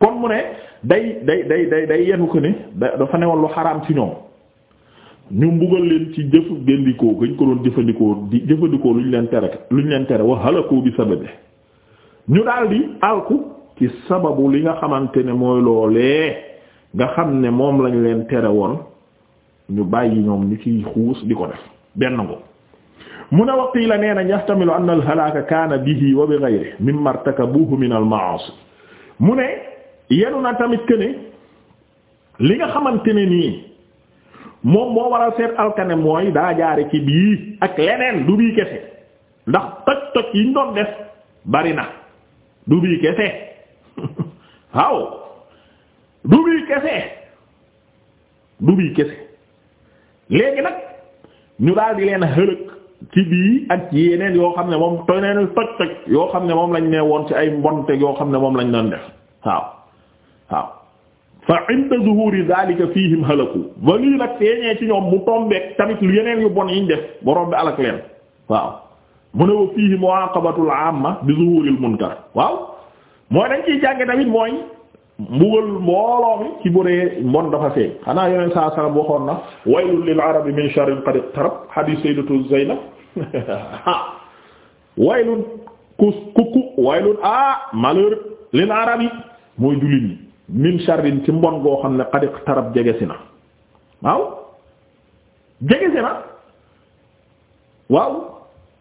kon mu ne day day day day day yenu ko ne dafa newoon lu xaraam ci ñoom ñu mbugal leen ci jëf géndikoo gañ ko doon jëfandikoo di jëfandikoo luñ leen tere luñ leen tere wax halakoo bi sababe ñu daldi alku ci sababu li nga xamante ne mooy loolee nga xam ne moom lañ leen tere woon ñu bàyyi ñoom ñu ciy xuus di ko def benn ngo mu ne waqti la nee na yahtamilu anna al halaka kaana bihi wa bi ghayrihi mimma irtakabuhu min al ma'asi mu ne yenu na tamit que ne li nga xamante ne nii moom moo waral seet alkane mooy daa jaare ci bii ak leneen du bii kese ndax toj toj yiñ doon def bari na du bii kese waaw du bii kese du bii kese léegi nag ñu daal di leen xërëg ci bii ak yeneen yoo xam ne moom toy neen toj toj yoo xam ne moom lañ ne woon ci ay mbonte yoo xam ne moom lañ doon def waaw waaw fa inda zuhuri dhalika fihim halaku ba lii nag feeñee ci ñoom mu tombeek tamit yeneen yu bon yiñ def borom bi alak leen waaw mu ne wa fiihi muaqabatul amma bi zuhuril munkar waaw mooy dañ ciy jànge tamit mooy mbugal mbooloo ci bu dee mbon dafa feeñ xanaa yoneen saa salam waxoon na waylul lil arabi min sharrin qad iqtarab hadith sayyidatu zaynab ah. waylun ku ku ku waylun ah malheur lil arabi mooy jullit min sharrin ci mbon goo xam ne xadik tarab jege si na waaw jege si na waaw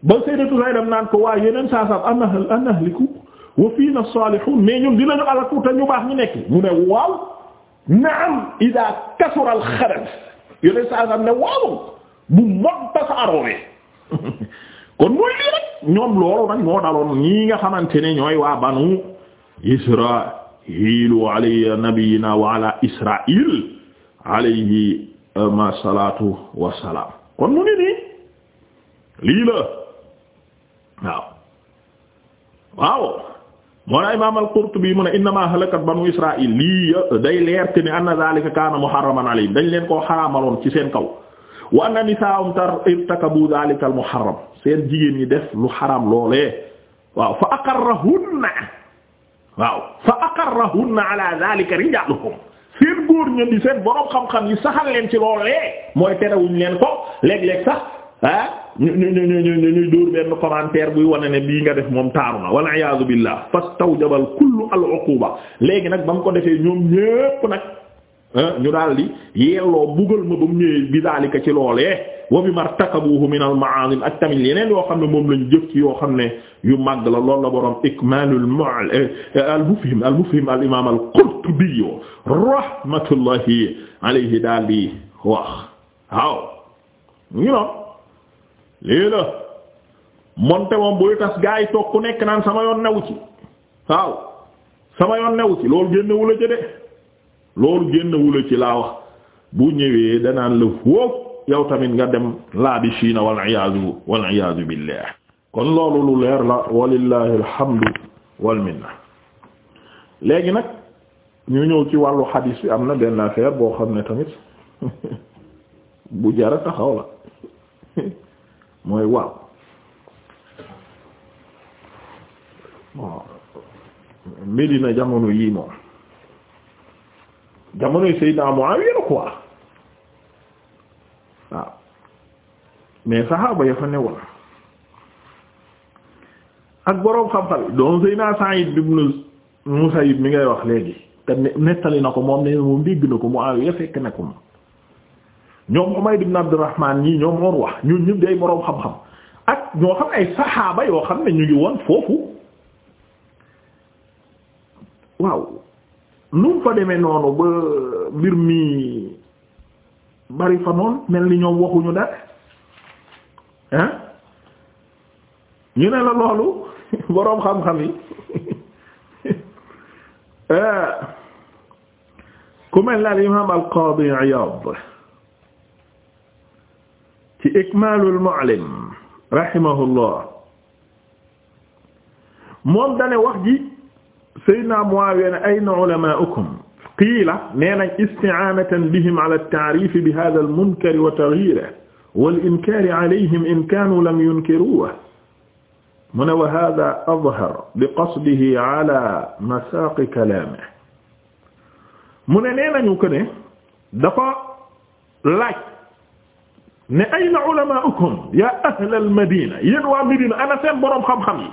ba sayyidatu Zaynab naan ko waaye yeneen saasam ana an ahliku wa fiina salihun mais ñun dinañu alaku te ñu baax ñu nekk mu ne waaw naam ida kasura al xaras yeneen saasam ne waaw bu mbon tasaaroowee kon mooy lii rek ñoom loolu nag ñoo daloon ñii nga xamante ne ñooy waa banu Isra hiilu ala nabiyyina wa ala israil alayhi euh, ma salatu wasalaam kon mu ngi nii lii la waaw waaw moo na imam al-Qurtubi mu ne innama halakat banu israil lii day leer te ne anna zalika kaana muharraman alayhim dañ leen koo xaraamaloon ci seen kaw wa anna nisaa'ahum irtakabu zalika al-muharram seen jigéen ñi def lu xaram loolee waaw fa aqarrahunna waaw fa aqarrahunna ala zalika rijaluhum seen góor ña di seen borom xam-xam yi saxal leen ci loolee mooy terewuñ leen ko léeg-léeg sax ah ñu ñu ñu ñu ñu ñu dóor benn commentaire buy wane ne bii nga def moom taaru na wal iyaadu billah fastawjabal kullu al uquba léegi nag ba mu ko defee ñoom ñépp nag. ñu daal di yelloo bugal ma ba mu ñëwee bi daalika ci loolee wa bi martakabuhu min al ma'azim ak tamit yeneen yoo xam ne moom lañu jëf ci yoo xam ne yu màgg la loolu la boroom ikmalul eh, al mufhim al mufhim al imam al qurtubi rahmatullahi daal di wax waaw noon lii monte moom buy tas gaa yi toog ku nekk naan sama yoon new ci waaw sama yoon new ci loolu génnewula jëde loolu génnewula ci laa wax bu ñëwee danaan la wóob yow tamit nga dem laa bi chiina wal iyaazu wal iyaazu billah kon loolu lu leer la walillahi alhamdu wal minna léegi nag ñu ñëw ci wàllu xadiis bi am na benn affaire boo xam ne tamit bu jara taxaw la mooy waaw na jamono yii moom jamonoy Seydina Muawiya la quoi waaw mais saxaaba ya fa newoon ak boroom xam-xam doon Seydina Sa'id ibn Musayyib mi ngay wax léegi te nettali na ko moom ne moom dégg na ko Muawiya fekk na ko moom ñoom Umayd ibn Abdurrahman ñii ñoom moon wax ñun ñëpp day boroom xam-xam ak ñoo xam ay saxaaba yoo xam ne ñu ngi woon foofu waaw nu mu fa demee noonu ba mbir mi bari fa noonu mel ni ñoom waxuñu dara ñu ne la loolu boroom xam-xam yi eh, ku mel na al imaam al qaadi Iyaad ci Ikmaalul Mu'allim rahimahullah moom dane wax ji Seydina Muawiya ne ayna ulamaa'ukum qiila nee nañ isti'aanatan bihim ala at-ta'riif bi haadha al-munkar wa taghyiirihi wal inkaari alayhim in kaanu lam yunkiruuhu mu ne wa haadha azhar bi qasdihi ala masaaqi kalaamihi mu ne nee nañu ko ne dafa laaj ne ayna ulamaa'ukum yaa ahlal madiina yéen waa Madiina ana seen boroom xam-xam yi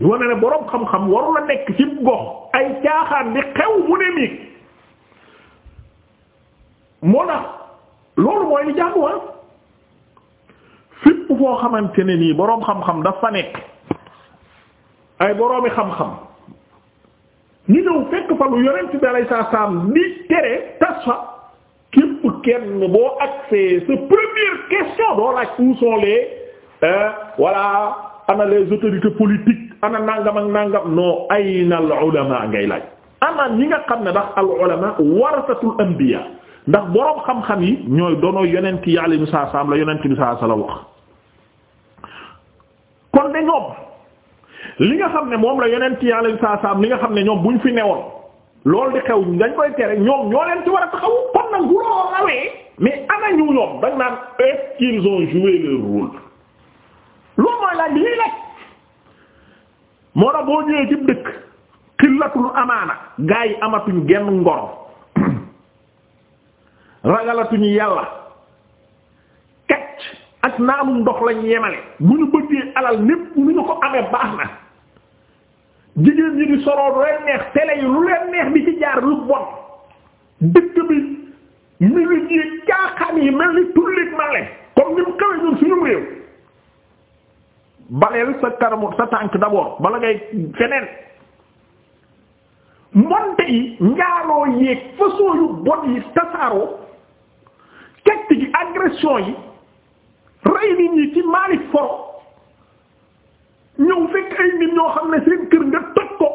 di wane ne boroom xam-xam waru la nekk ci gox ay caaxaan di xew mu ne miig moo tax loolu mooy li jànguwaa ah. fépp foo xamante ne nii boroom xam-xam dafa nekk ay boroomi xam-xam ñu ñëw fekk bi alayhi salaam di sa première question doo laaj où sont les euh, ana nangam ak nangam noo ayna al ngay laaj ana ñi nga xam ne ndax al ulama warasatul anbiya ndax boroom xam-xam yi ñooy doonoo yonent yi alayhi salaam la yonent bi sallallahu saa wasallam wax kon de ñoom li nga xam ne moom la yonent yi alayhi salaam li nga xam ne ñoom buñ fi newoon loolu di xew dañ koy tere ñoom ñoo leen ci war a kon nag bu loo rawee mais ana ñu ñoom dañ naan est-ce qu'ils ont mooy laaj bi ñuy laaj moo tax boo ñëwee ci dëkk xillatul amaana gaa yi amatuñ genn ngor ragalatuñu yàlla kacc ak naamum ndox lañ yemale bu ñu bëggee alal népp lu ñu ko amee baax na jigéen ñi di soloo lu neex télé yi lu leen neex di ci jaar lu bon dëkk bi musique yi caaxaan yi mel ni tullit male comme ni mu kawe ñun suñu réew baleel sa karamu sa tànk d'abord bala ngay feneen mbonte yi njaaloo yéeg façon yu bon yi tasaaroo kett gi agression yi rey nit ñi ci maali foro ñëw fekk ay nit ñoo xam ne seen kër nga toj ko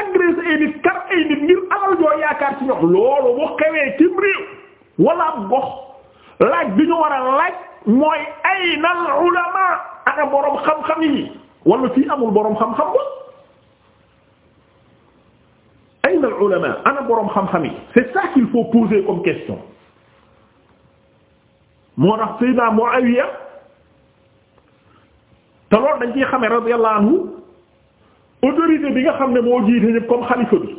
agressé ay nit kar ay nit ngir alal joo yaakaar ci ñox loolu bu xewee cim réew wala gox laaj bi ñu war a laaj mooy ay nal ula ana boroom xam-xam yi wala fii amul boroom xam-xam ba ayna al ulama ana borom xam-xam yi c'est ça qu'il faut poser comme question moo tax Seydina Muawiya te loolu dañ ciy xamee radiyallahu anhu autorité bi nga xam ne moo jiite ñëpp comme xalifa bi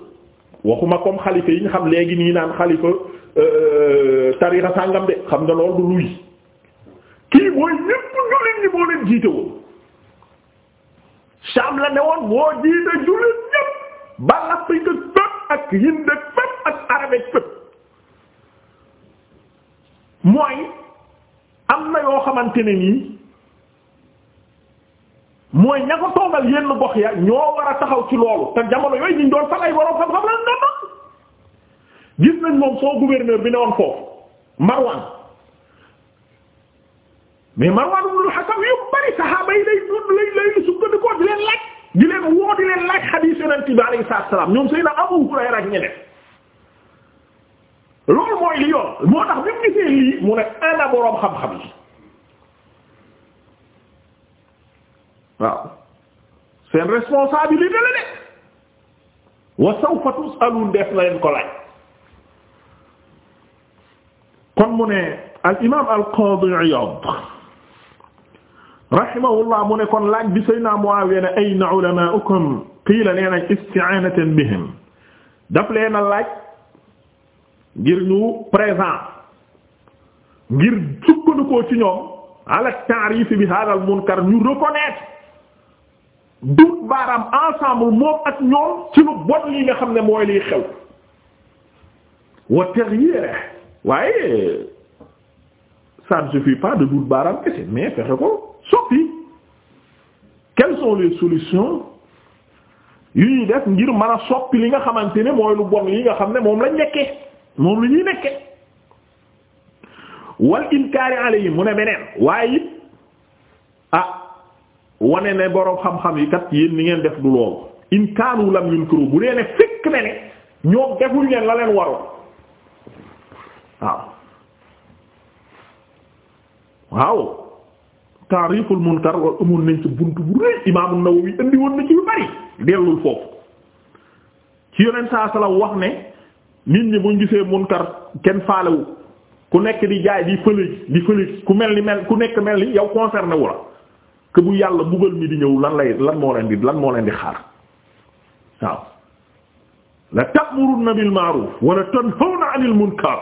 waxuma comme xalifa yi ñu xam léegi nii naan xalifa euh, tarixa sàngam de xam nga loolu du luy kii mooy ñépp jullit ñi moo leen jiite woon Sham la ne woon moo jiite jullit ñépp ba Afrique bépp ak Hind bépp ak Arabe bépp mooy am na yoo xamante ne nii mooy ña ko toogal yenn gox ya ñoo war a taxaw ci loolu te jamono yooyu ñu doon fan ay waroon xam-xam la ndox gis nañ moom soo gouverneur bi ne woon foofu Marwan mais Marwan ibn al-Hakam yu bari saxaaba yi lay lay lay sukkandikoo di leen laaj di leen woo di leen laaj xadiis Yonent bi alayhi salaam ñoom Seydina Abu Hurayra ak loolu mooy li yoon moo tax bi mu gisee lii mu ne ana boroom xam-xam yi waaw seen responsabilité la de wa sawfa tusalun def leen ko laaj kon mu ne al al qaadi Iyaad rahimahullah mu ne kon laaj bi sayna Muawiya ne ayna ulamaukum qiila nee nañ isti'anatan bihim daf leen a laaj ngir ñu présent ngir sukkandikoo ci ñoom ala ta'rif bi hada munkar ñu reconnaître dut baaraam ensemble moom ak ñoom ci lu bon li nga xam ne mooy liy xew wa taghyir waaye ça ne suffit pas de dut baaraam kese mais fexe ko soppi quelles sont les solutions yu ñuy def ngir mën a soppi li nga xamante ne mooy lu bon yi nga xam ne moom lañ nekke moom lu ñuy nekkee wal inkaari alayhi mu ne beneen waaye it ah wane ne boroom xam-xam yi kat yéen ni ngeen def du loolu inkaanu lam yunkuru bu dee ne fekk ne ne ñoo deful ngeen la leen waroon waaw waaw taariful munkar wal amoon nañ ci buntu bu rëy imaamu Nawawi indi woon na ci yu bari dellul foofu ci yonent saa sala wax ne nit ñi buñ gisee munkar kenn faalewu ku nekk di jaay di fële di fële ku mel ni mel ku nekk mel ni yow concerné wu la que bu yàlla buggal mi di ñëw lan lay lan moo leen di lan moo leen di xaar waaw la ta'muruna bil ma'ruf wala tanhawna 'anil munkar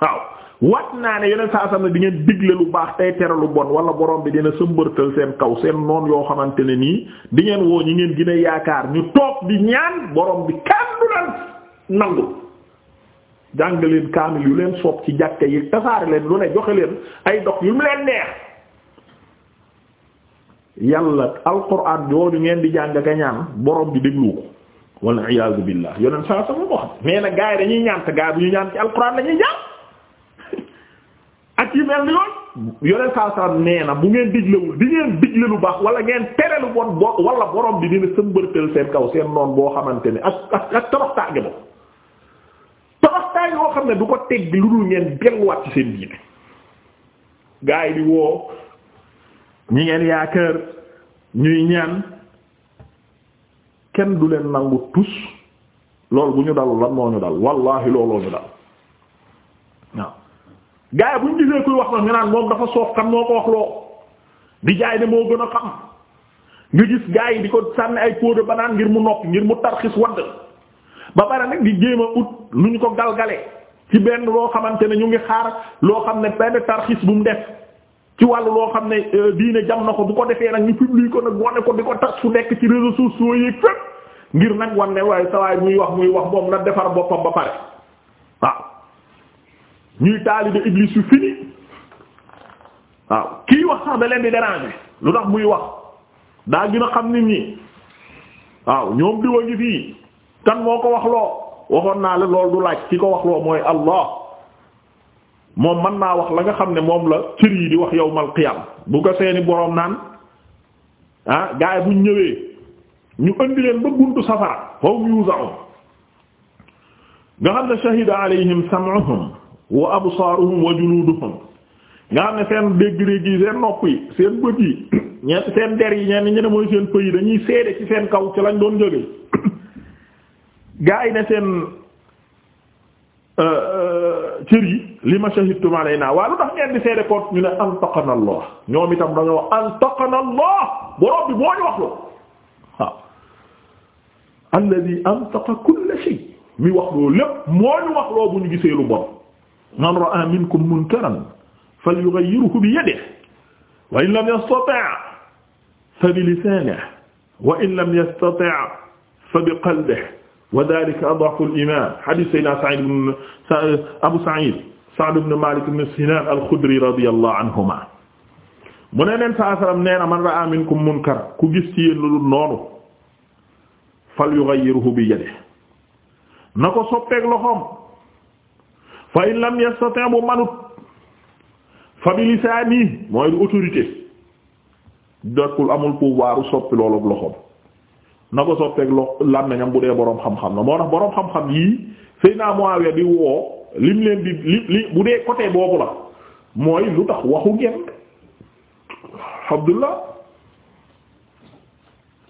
waaw wat naa ne yeneen saa sam di ngeen digle lu baax tey tere lu bon wala borom bi dina sëmbërtal seen kaw seen noon yoo xamante ne nii di ngeen woo ñi ngeen gën yaakaar ñu toog di ñaan borom bi kenn du leen nangu jàng leen kaamil yu leen soob ci jàkka yi tasaare leen lu ne joxe leen ay dox yu mu leen neex yàlla alquran jooju ngeen di jàng ka ñaan borom bi déglu ko wala iyaazu billah yeneen saa sam moo xam nee na gaay dañuy ñaan gaay bu ñu ñaan ci alquran lañuy ak yi mel ni yoon yoneen saa salaam nee na bu ngeen diglewul di ngeen digle lu baax wala ngeen tere lu bon bo wala borom bi dina sëmbërtël seen kaw seen noon boo xamante ni ak ak ak toroxtaange boobu toroxtaange yoo xam ne du ko teg lu dul ngeen delluwaat ci seen diine gaa yi di woo ñi ngeen yaakaar ñuy ñaan kenn du leen nangu tus loolu bu ñu dalul lan moo ñu dal wallahi looloo ñu dal gaa yi bu ñu gisee kuy wax ma ñu naan moom dafa soof kan moo ko wax loo di jaay ne moo gën a xam nga gis gaa yi di ko sànni ay pot de banane ngir mu nokk ngir mu tarxis wadd ba pare nag di jéem a ut lu ñu ko galgalee ci benn loo xamante ne ñu ngi xaar loo xam ne benn tarxis bu mu def ci wàll loo xam ne euh, diine jam na ko bu ko defee nag ñu publie ko nag wane ko di ko tas fu nekk ci réseaux sociaux yi fépp ngir nag wan ne waaye sawaay muy wax muy wax moom na defar boppam ba waaw ñuy taalibe iblis yu fini waaw kii wax sax da leen di déranger lu tax muy wax daa gën a xam nit ñi waaw ñoom diwa ngi fii kan moo ko wax loo waxoon naa la lool du laaj ki ko wax loo mooy Allah moom man naa wax la nga xam ne moom la cër yi di wax yawmal qiyam bu ko seeni boroom naan ah gaay buñ ñëwee ñu indi leen ba buntu safara fawm yuzaun nga xam ne shahida alayhim sam'uhum wa absaaruhum wa juluduhum nga xam ne seen dégg-dégg yi seen nopp yi seen bët yi ñeen seen der yi ñeen ñi mooy seen pëy yi dañuy seede ci seen kaw ci lañ doon jógee gaa yi ne seen euh, euh, cër yi li ma shahidtum alayna waa lu tax ngeen di seede koot ñu ne antaqana Allah ñoom itam dañoo wax antaqana Allah borom bi moo ñu wax loo waaw alladhi antaqa kull shay mi wax loo lépp moo ñu wax loo bu ñu gisee lu bon man ra'a minkum munkaran falyughayyirhu bi yadihi wa in lam yastati' fa bi lisanihi wa in lam yastati' fa bi qalbihi wa dhalika adhafu al-iman hadith sayyidina Sa'id ibn Abu Sa'id Sa'd ibn Malik ibn Sinan al-Khudri radiyallahu anhuma mu ne neen saa salaam nee na man ra'a minkum munkar ku gis ci yéen lu dul noonu falyughayyirhu bi yadihi na ko soppeek loxoom fa in lam yastati' bu manut fa bi lisaani mooy du autorité dokkul amul pouvoir soppi loolu ak loxoom na ko soppeek lo làmmiñam bu dee boroom xam-xam la boroom xam-xam yii Seydina Muawiya bi woo leen di bu dee côté boobu mooy lu tax waxu ngeen Abdullah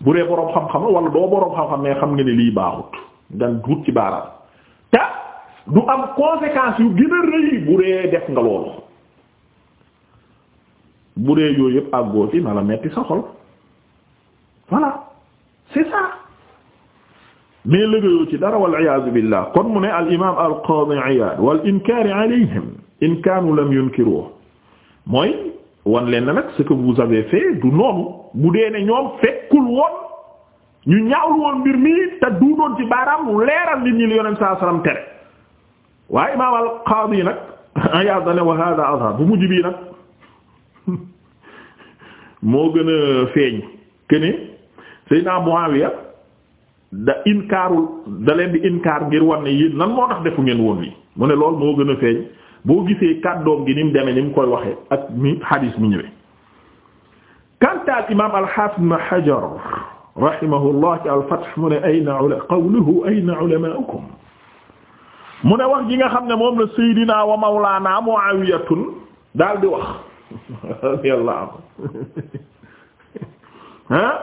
bu dee boroom xam-xam la wala doo boroom xam-xam ne xam nga ne lii baaxut nga wut ci baaraam ta du am conséquence yu gën rëy bu dee def nga loolu bu dee yooyu yëpp àggoo ci na la metti sa xol voilà c'est ça mais lëgayoo ci dara wal iyaazu billah kon mu ne al imam al qadi wal inkaar alayhim in kaanu lam yunkiruhu mooy wan leen na nag du noonu bu dee ne ñoom fekkul woon ñu ñaawul woon mbir mi te duudoon ci baaraam leeral nit ñi li yonent tere waaye imaam al-Qaadi nag Iyaad ne wa haaza azhar bu mujj bii nag moo gën a feeñ këne Seydina Muawiya da inkaarul da leen di inkaar ngir wan ne yéen nan moo tax defu ngeen woon lii mu ne loolu moo gën a feeñ boo gisee kàddoom gi ni mu demee ni mu koy waxee ak mi xadiis mi ñëwee kantaal imaam al-Haafiz Ibn Hajar rahimahullah ci al-Fath mu ne ayna qawluhu ayna ulamaa'ukum mu ne wax ji nga xam ne moom la Seydina wa Mawlaana Muawiyatun daal di wax radiyallahu anhu ah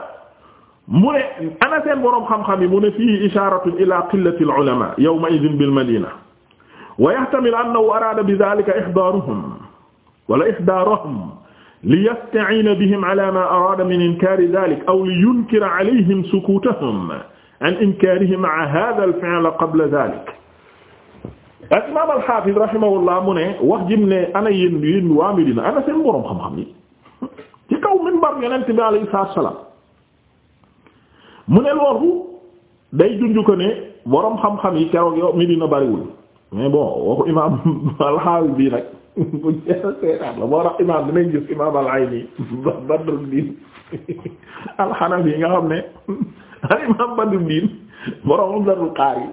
mu ne ana seen boroom xam-xam yi mu ne fii isharatun ila qillati al-ulama yawma idhin bil madina wa yahtamilu annahu arada bi dhalika ihdaruhum wala ihdarahum li yasta'ina bihim ala ma arada min inkari dhalik aw li yunkira alayhim sukutahum an inkarihim hadha al-fi'l qabla dhalik ak imaam al-Hafiz mu ne wax jim ne ana yéen yéen waa Medina ana seen boroom xam-xam yi ci kaw ko ne boroom xam yi keroog yow Medina bariwul mais bon waxu imaam al-Hafiz bii nag bu jeexal seeraat la imaam dinañ gis imaam al-Ayni nga xam ne al imaam Badruddin boroom Abdul Qaari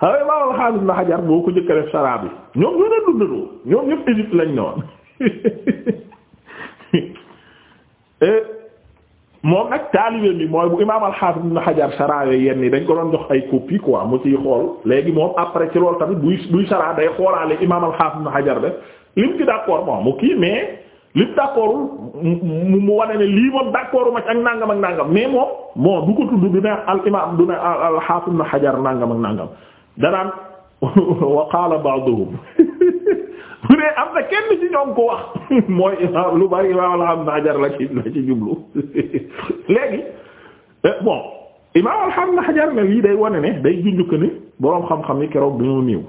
xale imaam al-Haafiz Ibn boo ko jëkk def saraab yi ñoom ñoo doon dundaloo ñoom ñëpp Égypte lañ ne woon eh, moom nag taalibe bi mooy bu imaam al-Haafiz Ibn Hajar yi dañ ko doon jox ay copie mu ciy xool léegi moom ci loolu tamit buy buy saraab day xoolaale imaam mu kii mais lim d'accordul mu mu ma ci ak du ko tudd du ne al imaam du ne al-Haafiz Ibn Hajar nangam ak nangam. danaan wa qaala ba'duhum bu ne am na kenn ci ñoom ko wax mooy imaam lu bari imaam alhamd hajar la ci jublu léegi eh, bon imaam alhamd hajar ne lii day wane ne day junjuk ne boroom xam-xam yi keroog dañoo néew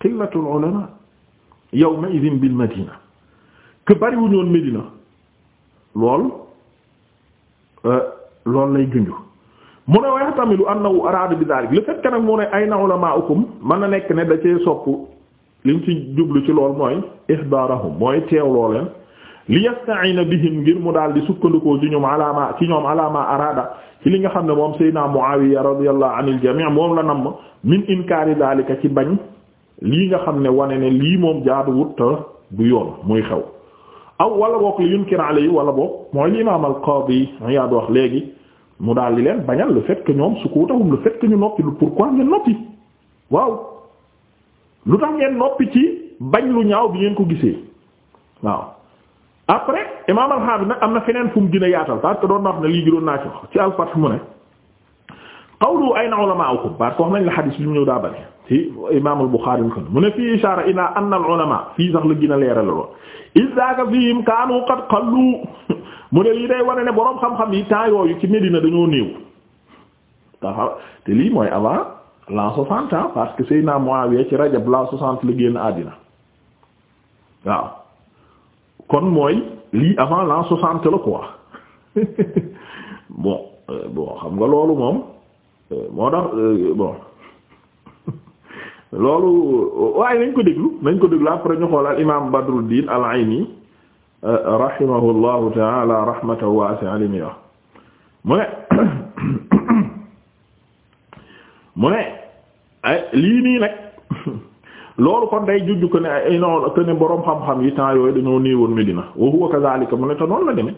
qillatul ulama yawma idhin bil madina que bariwuñoon lool eh, lool lay junju mu ne wa yahtamilu annahu araada bi daalik le fait que nag mu ne ayna ulamaa'ukum mën na nekk ne da cee sopp jublu ci lool mooy ihdaarahum mooy teewloo leen li yasta'ina bihim ngir mu daal di sukkandikoo ci ñoom ñoom alaama araada li nga xam ne moom Seydina Muawiya radiyallahu anil moom la namm min inkaari ci bañ lii nga xam ne wane ne lii moom jaaduwut du yoon muy xew aw wala boog li yunkir alayhi wala boog mooy li imaam al qaadi wax léegi. mu daal di leen bañal le fait que ñoom sukuutahum le fait que ñu noppi lu pourquoi ngeen noppi waaw lu tax ngeen noppi ci bañ lu ñaaw bi ngeen ko gisee waaw après imaam al-Hafiz nag am na feneen fu mu gën a yaatal parce que doon na wax ne lii giroon naa ci wax ci al-Fath mu ne qawlu ayna ulama'ukum parce que wax nañ la xadiis bi mu ñëw daa bari ci imaam al-Bukhari mu ne fii ishaara ila anna al-ulama fii sax la gën a leeral lool izaka fihim kaanu qad qallu mu ne lii day wane ne boroom xam-xam yi temps yooyu ci Médina dañoo néew te lii mooy avant l'an soixante ans parce que Seydina Muawiya ci Rajab l'an soixante la génn àddina waaw kon mooy lii avant l'an soixante la quoi bon euh, bon xam nga loolu moom euh, moo tax euh, bon loolu waaye nañ ko déglu nañ ko déglu après ñu xool al imaam Badruddin al-Ayni rahimahullahu taala rahmatan waasi'a li muy wax mu ne mu ne lii nii nag loolu kon day juddu ko ne ay non que ne boroom xam-xam yi temps yooyu dañoo néewoon Medina wa huwa kazaalika mu la demee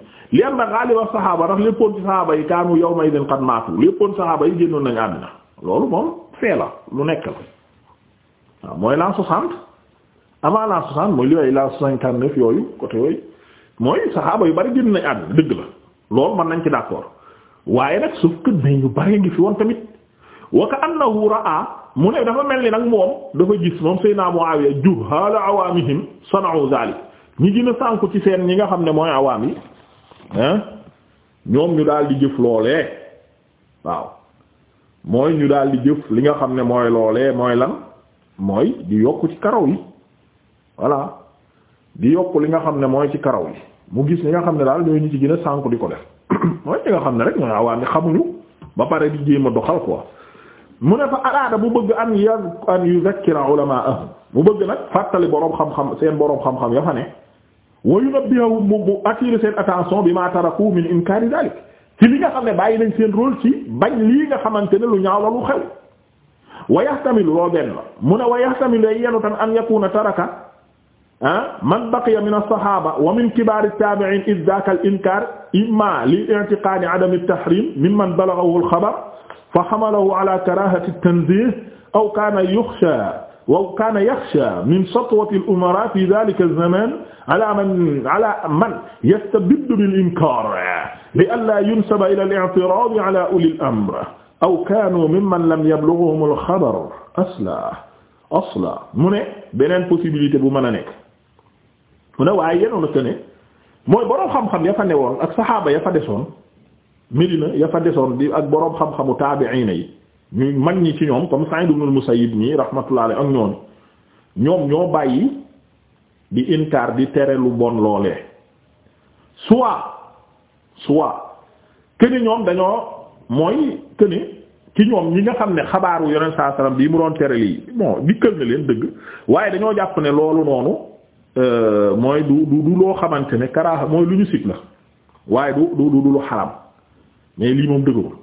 waaw mooy l'an soixante avant l'an soixante mooy li ay l'an soixante-neuf yooyu côté yooyu. mooy saxaaba yu bari génn nañ àddina dëgg la loolu mën nañ ci d'accord waaye nag suuf kër ne ñu bari ngi fi woon tamit wa ka annahu a mu ne dafa mel ni nag moom dafa gis moom Seydina Muawiya juhaala awaamihim sana'u zaalik ñi gën a sànku ci seen ñi nga xam ne mooy awaam yi ah ñoom ñu daal di jëf loolee waaw mooy ñu daal di jëf li nga xam ne mooy loolee mooy lan mooy di yokk ci karaw yi voilà di yokk li nga xam ne mooy ci karaw yi mu gis ñi nga xam ne daal ñooy ñu ci gën a sànku di ko def mooy ñi nga xam ne rek ñooy awaa ni xamuñu ba pare di jéem a doxal ko mu ne fa araada bu bëgg an ya an yuzakkira ulama'ahum mu bëgg nag fàttali boroom xam-xam seen boroom xam-xam ne wa yunabbihu mu mu attention bi ma taraku min inkari dalik ci li nga xam ne bàyyi nañ seen rol ci bañ lii nga xamante ne lu ñaaw la lu xew wa yahtamilu loo benn la mu ne wa yahtamilu yenu tan an yakuna taraka ah man baqiya min as-sahaba wa min kibar at-tabi'in iz dhaka al-inkar imma li i'tiqad adam at-tahrim mimman balaghahu al-khabar fa hamalahu ala karahati at-tanzih aw kana yukhsha wa kana yakhsha min satwati al-umara fi dhalika az-zaman ala man ala man yastabiddu bil-inkar li alla yunsaba ila al-i'tirad ala uli al-amr aw kanu mimman lam yablughuhum al-khabar asla asla mu ne beneen possibilité bu mën a nekk mu ne waaye yenoon a ne mooy boroom xam-xam ya fa woon ak saxaaba ya fa desoon Medina ya fa desoon di ak boroom xam-xamu taabi'ina yi ñuy mag ñi ci ñoom comme Sa'id ibn mu musayyib ñi rahmatullahi ak ñoom ñoom ñoo bàyyi di inkaar di tere lu bon loolee ñoom dañoo mooy que ni ci ñoom ñi nga xam ne xabaaru yoneen saa salaam bii mu doon tere lii bon dikkal na leen dëgg waaye dañoo jàpp ne loolu noonu. Euh, mooy du du du loo xamante ne karaaxa mooy lu ñu sit la waaye du du du lu xaram mais lii moom dëgërul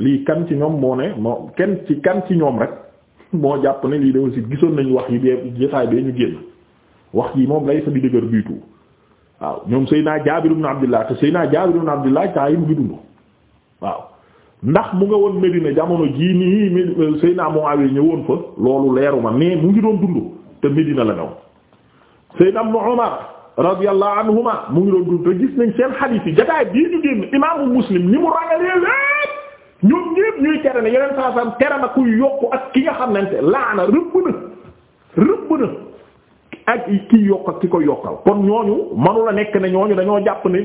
lii kan ci ñoom moo ne moo kenn ci kan ci ñoom rek moo jàpp ne lii dafa sit gisoon nañu wax yi bee jotaay bee ñu génn wax yi moom lay sa bi dëgër du tout waaw ñoom Seydina Jaabir ibn Abdullah te Seydina Jaabir ibn Abdullah taa yi mu ngi dund waaw ndax mu nga woon Medina jamono jii nii Seydina Muawiya ñëwoon fa loolu leeruma mais mu ngi doon dund te Medina la nga Seydina Ibn Umar radiyallahu anhuma mu ngi doon dund te gis nañ seen xadiis yi jotaay bii ñu génn imaamu Muslim ni mu ragalee lépp ñoom ñépp ñuy tere ne yeneen saa sam tere na kuy yokk ak ki nga xamante laana rëbb na rëbb na ak kiy yokk ak ki ko yokkal kon ñooñu manu la nekk ne ñooñu dañoo jàpp ni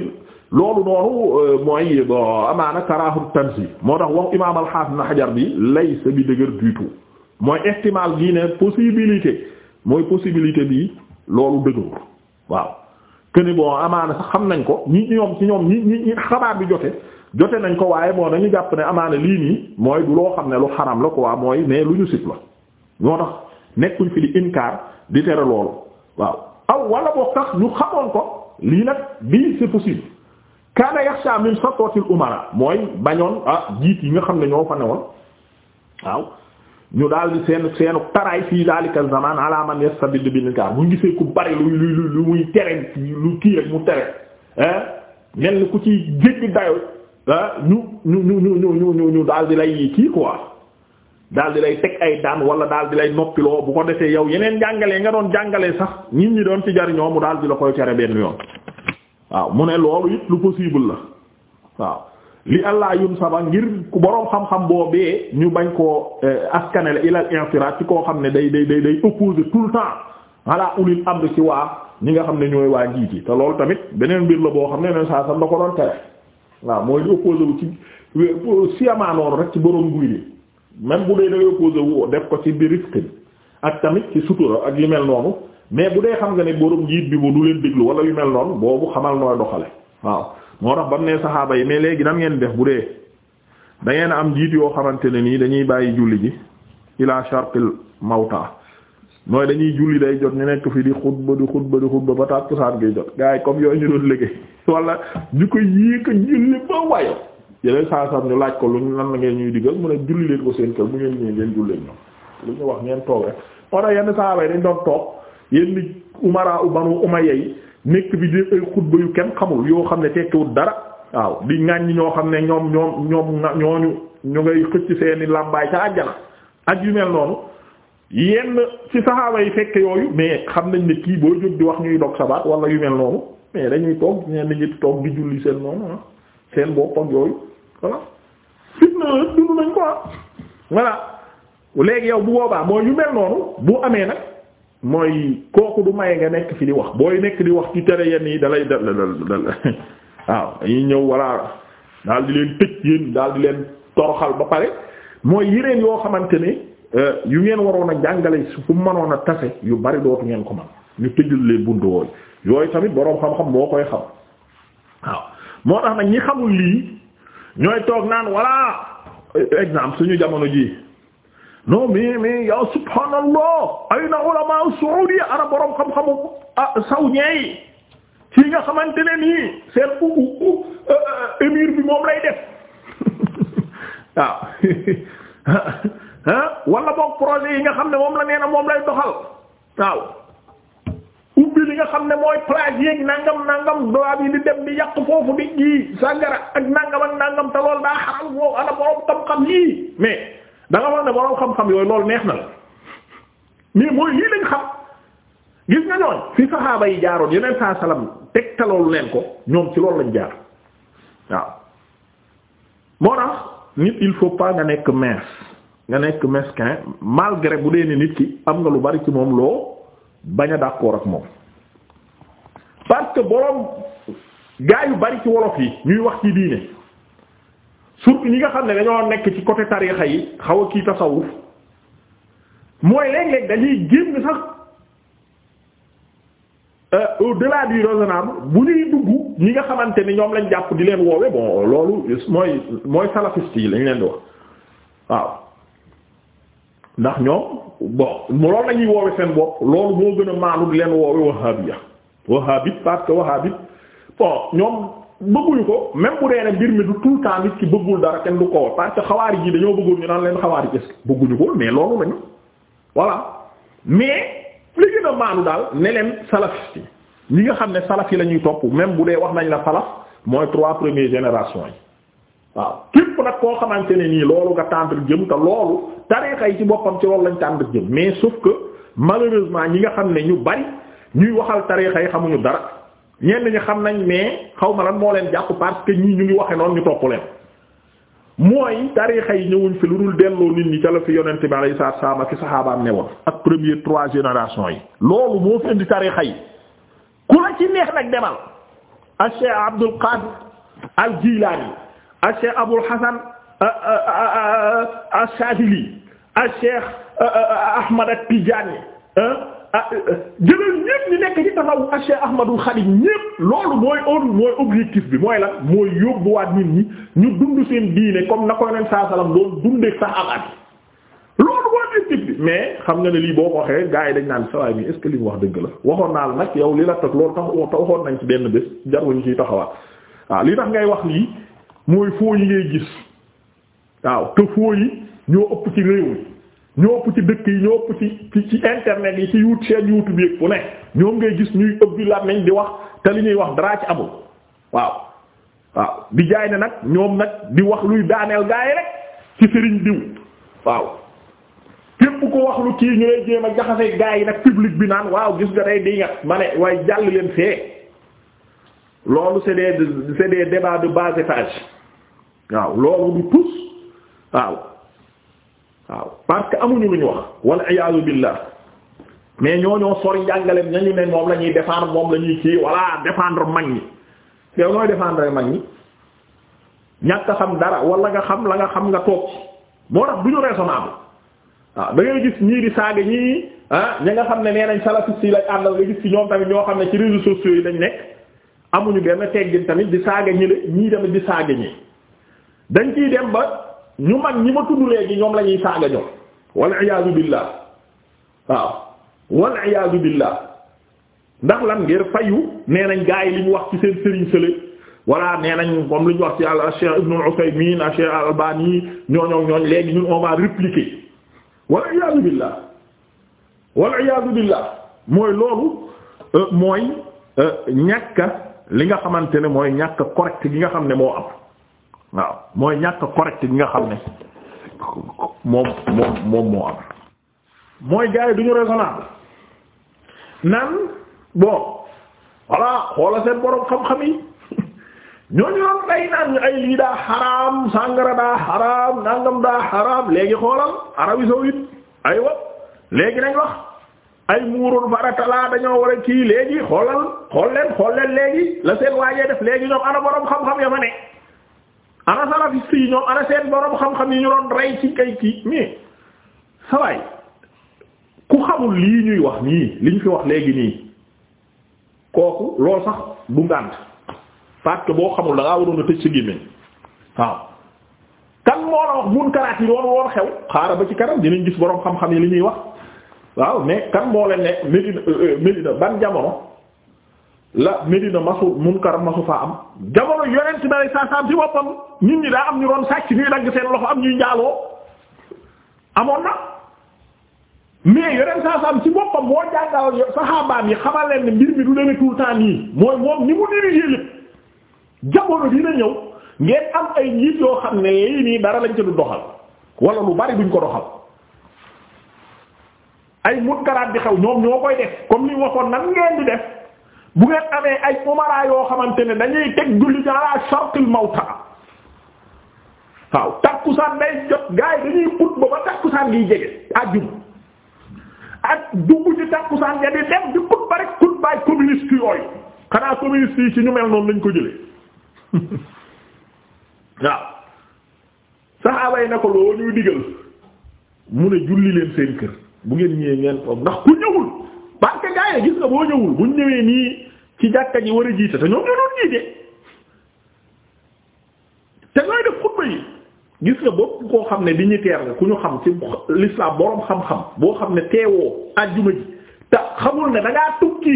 loolu noonu euh, mooy bon amaana karaahu tansi moo tax wax imaam al-Hasan Hajar bi lay sa dëgër du tout mooy estimal gi ne possibilité mooy possibilité bi loolu dëgëwul waaw këni bon amaana sax xam nañ ko ñi ñoom ci ñoom ñi ñi ñi xabaar bi jote jote nañ ko waaye moo dañu jàpp ne amaana lii nii mooy du loo xam ne lu xaram la ko quoi mooy mais lu ñu sit la ñoo tax nekkuñ fi di inkaar di tere loolu waaw aw wala boo ñu xamoon ko lii nag bii c'est possible kaana yaxsha min satotil umara mooy bañoon ah jiit yi nga xam ne ñoo fa newoon waaw ñu daal di seen seenu taraay fii daalika zaman ala man yastabill bi ninkar mu gisee ku bari lu lu lu muy tere lu kii rek mu tere mel ni ku ci jéggi dayo ñu ñu ñu ñu ñu ñu ñu daal di lay kii quoi daal di lay teg ay daan wala daal di lay noppiloo bu ko defee yow yeneen jàngalee nga doon jàngalee sax nit ñi doon ci jariñoo mu daal di la koy tere benn yoon waaw mu ne loolu it lu possible la waaw li allah yun saba ngir boroom xam-xam boobee ñu bañ koo eh, askanele ilal infirat ci koo xam ne day day day day tout le temps ala ulil amr ci waa ñi nga xam ne ñooy waa njiit yi te loolu tamit beneen mbir la boo xam ne neen saa sam da ko doon tere waaw mooy di opposé wu ci euh, siyamaanoonu rek ci boroom guy li même bu dee day opposé wu def ko ci bi risque ak tamit ci sutura ak yu mel noonu mais bu dee xam nga ne boroom njiit bi bu du leen déglu wala yu mel noonu boobu xamal nooy waaw moo tax ba mu ne saxaaba yi mais léegi nan ngeen def bu dee da ngeen am jiit yoo xamante ne nii dañuy bàyyi julli ji ila sharqil mawta mooy dañuy julli day jot ñu nekk fi di xutba di xutba di xutba ba tàkkusaan gi jot gars yi comme yooyu ñu doon liggéey wala ñu ko yéeg julli ba wayo yeneen saa saa ñu laaj ko lu nan la ngeen ñuy diggal mu ne julli leen ko seen kër bu ngeen ñëwee ngeen jullee ñoom lu ñu wax ngeen toog rek moo tax yenn saaba yi dañ doon toog yenn umara u banu umayya nekk bi di ay xutba yu kenn xamul yoo xam ne tekkiwul dara waaw di ŋàññ ñoo xam ne ñoom ñoom ñoom ñooñu ñu ngay xëcc seeni làmbaay ca yu mel noonu yenn yi fekke yooyu mais xam nañ ni kii boo jóg di wax ñuy dog sabaat wala yu mel noonu mais dañuy toog ñeen ñi toog di julli seen noonu ah, seen bopp ak yooyu voilà fitna dund nañ ko ah léegi yow bu boobaa mooy yu noonu bu amee nag mooy kooku du maye nga nekk fi di wax booy nekk di wax ci tere yenn yi dalay dal dal dal waaw dañuy ñëw walla daal di leen tëj yéen daal di leen toroxal ba pare mooy yeneen yoo xamante ne euh, yu ngeen waroon a jàngale su fu mënoon a tase yu bari dootu ngeen ko man ñu tëjul leen buntu wooyu yooyu tamit boroom xam-xam boo koy xam waaw moo tax nag ñi xamul lii ñooy toog naan walla e-, exemple suñu jamono jii non mais mais ya subhaanallah ay na ulama saoudia ana borom xam-xamu ah, saoudien ci nga xamante ne nii seen uu euh, euh, émir bi moom lay def waaw ah wala boog projet yi nga xam ne moom la na moom lay ubbi li nga xam ne mooy plage yeeg nangam nangam doab yi di dem di yàq foofu di ji ak nangam ak nangam te daa xaral foofu ana borom xam-xam yii mais da nga wax ne borom xam-xam yooyu loolu neex na la mais mooy lii lañ xam gis nga ñooñ fi saxaaba yi jaaroon yeneen saa salaam tegtaloolu leen ko ñoom ci loolu lañ jaar waaw moo tax nit il faut pas nga nekk mince nga nekk mesquin malgré bu dee ni nit ki am nga lu bari ci moom loo bañ a d'accord ak moom parce que borom gaa yu bari ci wolof yi ñuy wax ci diine surtout ñi nga xam ne dañoo nekk ci côté tarixa yi xaw a kii tasawuf mooy léeg-léeg dañuy génn sax euh, au-delà du bu ñuy dugg ñi nga xamante ni ñoom lañ jàpp di leen woowe bon loolu mooy mooy salafiste yi lañ leen di wax waaw ndax ñoom bon loolu lañuy woowe seen bopp loolu moo gën a maanu di leen woowe wahhabiya wahhabit parce que wahhabit bon ñoom bëgguñu ko même bu dee ne mbir mi du tout le temps nit ki bëggul dara kenn du ko parce que xawaari ji dañoo bëggoon ñu naan leen xawaari gis bëgguñu ko mais loolu lañu voilà mais li gën a maanu daal ne leen salafiste yi ñi nga xam ne salaf yi la ñuy topp même bu dee wax nañ la salaf mooy trois premières générations yi waaw képp nag koo xamante ne nii loolu nga tendre jëm te loolu tarixa yi ci boppam ci loolu lañ tendre jëm mais sauf que malheureusement ñi nga xam ne ñu bari ñuy waxal tarixa yi xamuñu dara. ñenn ñi xam nañ ne xaw ma lan moo leen jàpp parce que ñii ñu ngi waxe noonu ñu topp leen mooy tarixa yi ñëwuñ fi lu dul delloo nit ñi ca la fi yonent bi alayhi salaatu salaam ak saxaabaam ne woon ak premier trois génération yi loolu moo fi indi tarixa yi ku la ci neex nag demal a Cheikh Abdul Qadir al Jilani a Cheikh Abul Hasan a Shadili a Cheikh Ahmad at-Tijani ah euh, euh, jëlal ñépp ñu nekk ci tasawu ak Cheikh Ahmadou ñépp loolu mooy on mooy objectif bi mooy lan mooy yóbbuwaat nit ñi ñu dund seen diine comme na ko Yonent saa salaam doon dundee saxaabaat yi loolu mooy objectif bi mais xam nga ne lii boo ko waxee gars yi dañ naan sawaay mi est li wax dëgg la waxoon naa la nag yow li la tax loolu tax waxoon nañ ci benn bés jarul ñu ciy taxawaat waaw ah, li tax ngay wax lii mooy foo yi ngay gis waaw te foo ñoo ëpp ñoo ëpp ci dëkk yi ñoo ëpp ci internet yi ci YouTube chaîne YouTube yëpp fu ne ñoom ngay gis ñuy ëpp di làmmiñ di wax te li ñuy wax dara ci amul waaw. waaw di jaay ne nag ñoom nag di wax luy daaneel gaay rek ci sëriñ diw waaw képp ko wax lu kii ñu lay jéem a jaxase gaay yi nag public bi naan waaw gis nga day di nga ma ne waaye jàll leen fee loolu c'est des c'est des de bas étage waaw loolu du tous waaw. waaw parce que amuñu lu ñu wax wal iyaazu billah mais ñoo ñoo sori jàngaleem ñu ne moom la ñuy défendre moom la ñuy kii walla défendre mag ñi yow nooy défendre mag ñi ñàkk a xam dara wala nga xam la nga xam nga toog ci moo tax du ñu raisonnable waaw da ngay gis ñii di saaga ñii ah ña nga xam ne nee nañ salafiste yi lañ àndal nga gis ñoom tamit ñoo xam ne ci réseaux sociaux yi lañ nekk amuñu benn teggin tamit di saaga ñi ñii tamit di saaga ñi dañ ciy dem ba ñu mag ñi ma tudd léegi ñoom lañuy ñuy saaga ñoom wal iyaadu billah waaw wal iyaadu billah ndax lan ngir fayu nee nañ gaa yi li ñu wax ci seen sëriñ sële walla nee nañ comme li ñu wax ci al Cheikh Ibn Uthaymin al Cheikh Albani ñooñoo ñooñ léegi ñun on va répliquer wal iyaadu billah wal iyaadu billah mooy loolu euh, mooy euh, ñàkk li nga xamante ne mooy ñàkk correct gi nga xam ne moo am. waaw mooy ñàkk correct gi nga xam ne moom moom moom moo am mooy gars yi du ñu raisonnable nan bon voilà xoola seen borom xam-xam yi ñooñu doon day naan ñu ay lii daa xaraam sàngara daa xaraam nangam daa xaraam léegi xoolal Arabie saoudite aywa léegi nañ wax ay muurul faratala dañoo war a kii léegi xoolal xool leen xool leen léegi la seen waajee def léegi ñoom ana borom xam-xam ya fa ne ana salafiste yi xam-xam yi ñu doon rey ci kay kii mais sawaay ku xamul lii ñuy wax nii li ñu fi wax léegi nii kooku loolu sax bu ngànt parce boo xamul da waroon a tëj sa gémmiñ waaw kan moo la wax munkaraat yi doon woon xew xaaral ba ci kanam dinañ gis boroom xam-xam yi li ñuy wax waaw mais kan moo leen ne Medina euh, euh, Medina ban jamono la Medina masu munkar masu faa am jamono yonent bi sallallahu alayhi wasallam ci boppam. nit ñi daa am ñu doon sàcc ñuy dagg seen loxo am ñuy njaaloo amoon na mais yeneen saa saam ci boppam boo jàngal saxaabaam yi xamal leen ne mbir mi du demee tout le temps nii mooy moom ni mu dirigé lépp jamono dina ñëw ngeen am ay njiit yoo xam ne yii nii dara lañ ci du doxal wala lu bari duñ ko doxal ay munkaraat di xew ñoom ñoo koy def comme ni waxoon nan ngeen di def bu ngeen amee ay umara yoo xamante ne dañuy teg julli ala shartil mawta waaw takkusaan day jot gars yi dañuy put ba ba takkusaan giy jege àjjuma ak dugg ci takkusaan ya di dem di put ba rek put baay xanaa communiste yi ci ñu mel noonu lañ ko jëlee waaw saxaaba yi na ko loo ñuy digal mu ne julli leen seen kër bu ngeen ñëwee ngeen toog ndax ku ñëwul parce que gars yi gis nga boo ñëwul buñ ñëwee nii ci jàkka ji war a jiite te ñoom ñoo doon jiite te ñooy def xutba yi. gis nga bopp koo xam ne di ñu teer nga ku ñu xam ci l'islam boroom xam-xam boo xam ne teewoo àjjuma ji te xamul ne dangaa ngaa tukki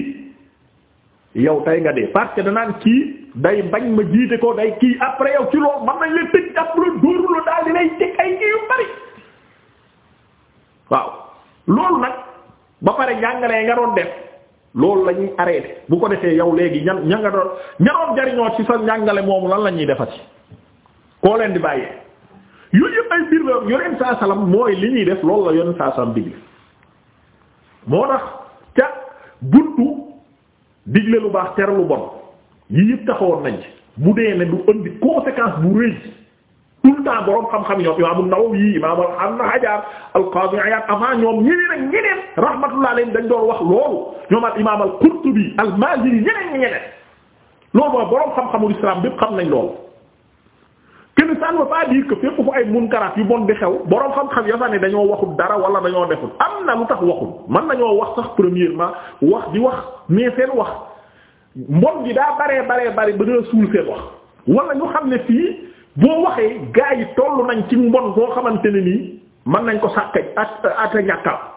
yow tey nga dee parce que danaan kii day bañ ma jiite ko day kii après yow ci loolu mën nañ la tëj jàpp la dóoru daal di lay teg ay kii yu bari waaw loolu nag ba pare njàngalee nga doon def loolu lañuy ñuy bu ko defee yow léegi ñan ña nga doon ña jariñoo ci sa njàngale moomu lan la ñuy defati koo leen di bàyyee. yooyu yëpp ay mbir la yoneen saa mooy li ñuy def loolu la yoneen saa salam digle moo tax ca buntu digle lu baax tere lu bon yi yëpp taxawoon nañ ci bu dee ne du indi conséquence bu rëy tout le boroom xam-xam ñoom imaamu Nawawi imaamu am na al-Qadi Iyad avant ñoom ñeneen ak ñeneen rahmatullah alayhim dañ doon wax loolu ñoom al imaam al-Qurtubi al-Maziri ñeneen ñeneen loolu mooy boroom xam-xamul islam bépp xam nañ loolu kenn ça ne veut pas dire que fépp fu ay munkaraat yu bon di xew boroom xam-xam ya fa ne dañoo waxul dara wala dañoo deful am na lu tax waxul mën nañoo wax sax premièrement wax di wax mais seen wax mbon gi daa baree baree bare ba dina suul seen wax wala ñu xam ne fii boo waxee gaa yi tollu nañ ci mbon boo xamante ne nii mën nañ ko sàkk at ak ñàkkal